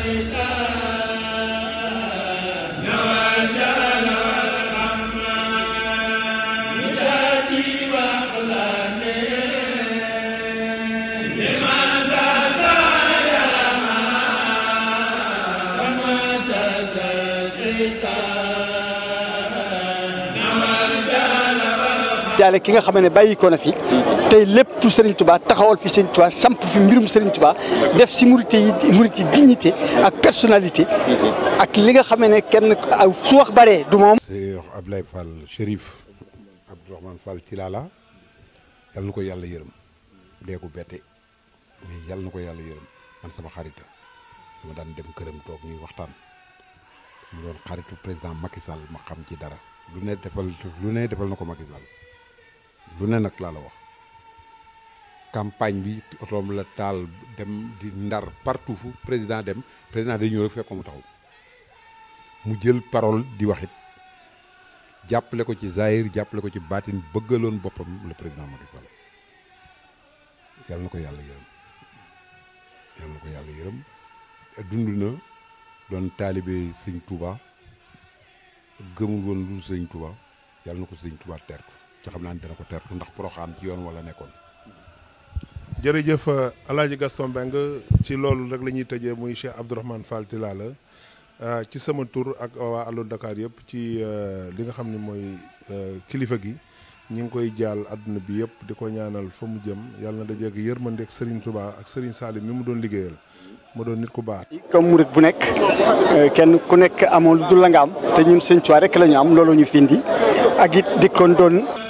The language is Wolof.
Satan. jaale ki nga xam ne bàyyi ko na fi tey lépp Serigne Touba taxawal fi Serigne Touba samp fi mbirum Serigne Touba def si murit yi murit yi dignité ak personnalité ak li nga xam ne kenn su wax bare du moom. Seex Ablaye Fall Chérif Abdourahmane Fall Tilala yal na ko yàlla yërëm dee ko bette mais yal na ko yàlla yërëm man sama xarita dama daan dem këram toog ñuy waxtaan mu doon xaritu président Macky Sall ma xam ci dara lu ne defal lu ne defal na ko Macky Sall lu ne nag laa la wax campagne bi otoom la taal dem di ndar partout fu président dem président day ñëw rek fekk mu taxaw mu jël parole di wax it jàppale ko ci zahir jàppale ko ci baatin bëggëloon boppam le président Macky Sall yàlla na ko yàlla yërëm yàlla na ko yàlla yërëm dund doon taalibe sëñ Touba gëmul woon lu sëñ Touba yàlla na ko sëñ Touba teer ci xam naa ne dina ko teertu ndax Porokhane ci yoon wala nekkoon. jërëjëf El euh, Hadj Gaston ci loolu rek la ñuy tëjee muy Cheikh Abdourahmane Fall Tilala euh, ci sama tur ak waa Allo Dakar yëpp ci euh, li nga xam ne mooy kilifa gi ñi ngi koy jaal àdduna bi yëpp di ko ñaanal fa mu jëm yàlla na dajee ak yërmande ak Serigne subaa ak Serigne Salim mi mu doon liggéeyal. mu doon nit ku baax. comme murit bu nekk kenn ku nekk amoon lu dul la nga am te ñun Sëñ rek lañu am loolu ñu fi ak it dikkoon doon.